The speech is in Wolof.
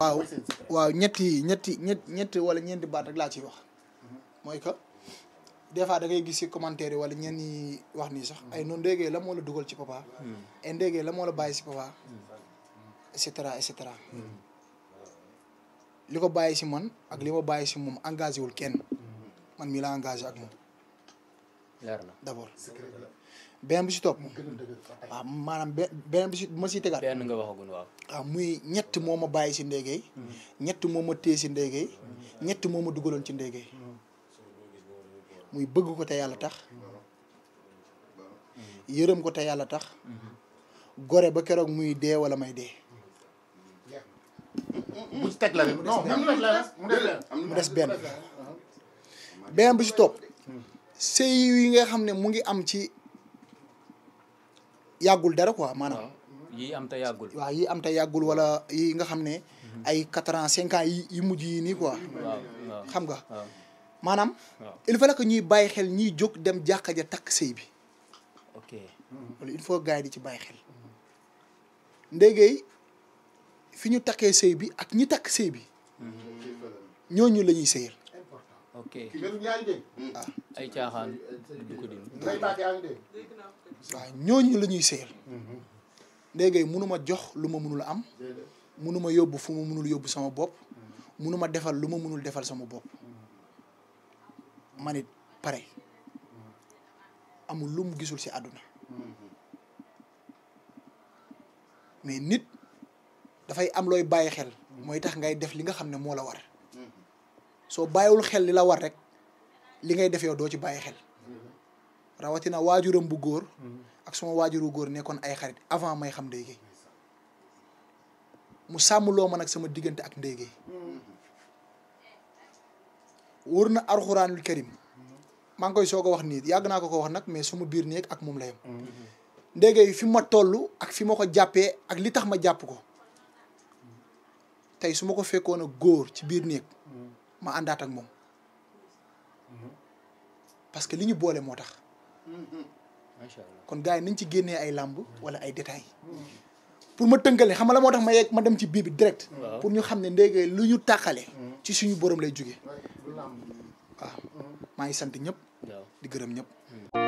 waaw waaw ñetti ñetti ñetti ñetti wala ñeenti baat rek laa ciy wax mooy que des fois da ngay gis ci commentaire wala ñenn wax ni sax ay noonu ndéegee la moo la dugal ci papa ay ndéegee la moola bàyyi si papa et cetera et cetera li ko bàyyi si man ak li ma bàyyi si moom engagé wul kenn man mii la engagé ak moom leer na d' abord. beneen bi ci topp. maanaam ma siy tegaat. benn nga waxagul waaw. waaw muy ñett moo ma bàyyi si ndéegéey. ñett moo ma téye si ndéegéey. ñett moo ma dugaloon ci ndéegéey. muy bëgg ko te yàlla tax. yërëm ko te yàlla tax. gore ba keroog muy dee wala may dee. mu teg la non benn. beneen bi topp. sëy yi nga xam ne mu ngi am ci yàggul dara ko maanaam. yi am te yàggul. waaw am te wala yi nga xam ne. ay quatre ans cinq yi yi mujj yi nii quoi. xam nga. maanaam. il fallait que ñuy bàyyi xel ñiy jóg dem jàkka ja takk sëy bi. ok il faut gars yi di ci bay xel. ndéggéey fi ñu takkee sëy bi ak ñi takk sëy bi. Mhm. ñooñu lañuy ñuy ok ah. ay caaxaan du ko dindi waaw ñooñu la ñuy seyal ndéegay mënuma jox lu ma mënul am mënuma yóbbu fu ma mënul yóbbu sama bopp mënuma defal lu ma mënul defal sama bopp man pare amul lu gisul ci àdduna mais nit dafay am looy bàyyi xel mooy tax ngay def li nga xam ne moo la war soo bàyyiwul xel li la war rek li ngay def yow doo ci bàyyi xel rawatina waajuram bu góor mm-hmm. ak sama waajuru góor nekkoon ay xarit avant may xam ndéygéey mu sàmm loo nag sama diggante ak ndéygéey mm-hmm. na arxuraanul karim maa ngi koy soog wax nii yàgg naa ko ko wax nag mais suma biir néeg ak moom la yem mm-hmm. ndéygéey fi ma toll ak fi ma ko jàppee ak li tax ma jàpp ko tey su ma ko fekkoon a góor ci biir néeg ma àndaat ak moom mhm. parce que li ñu boole moo tax mhm. macha allah kon gars yi nañ ci génnee ay làmb mhm. wala ay détails pour ma tënkale xam nga la moo tax ma yegg ma dem ci bii bi direct pour ñu xam ne ndéegee lu ñu tàqale ci suñu boroom lay jóge waaw maa ngi sant ñëpp di gërëm ñëpp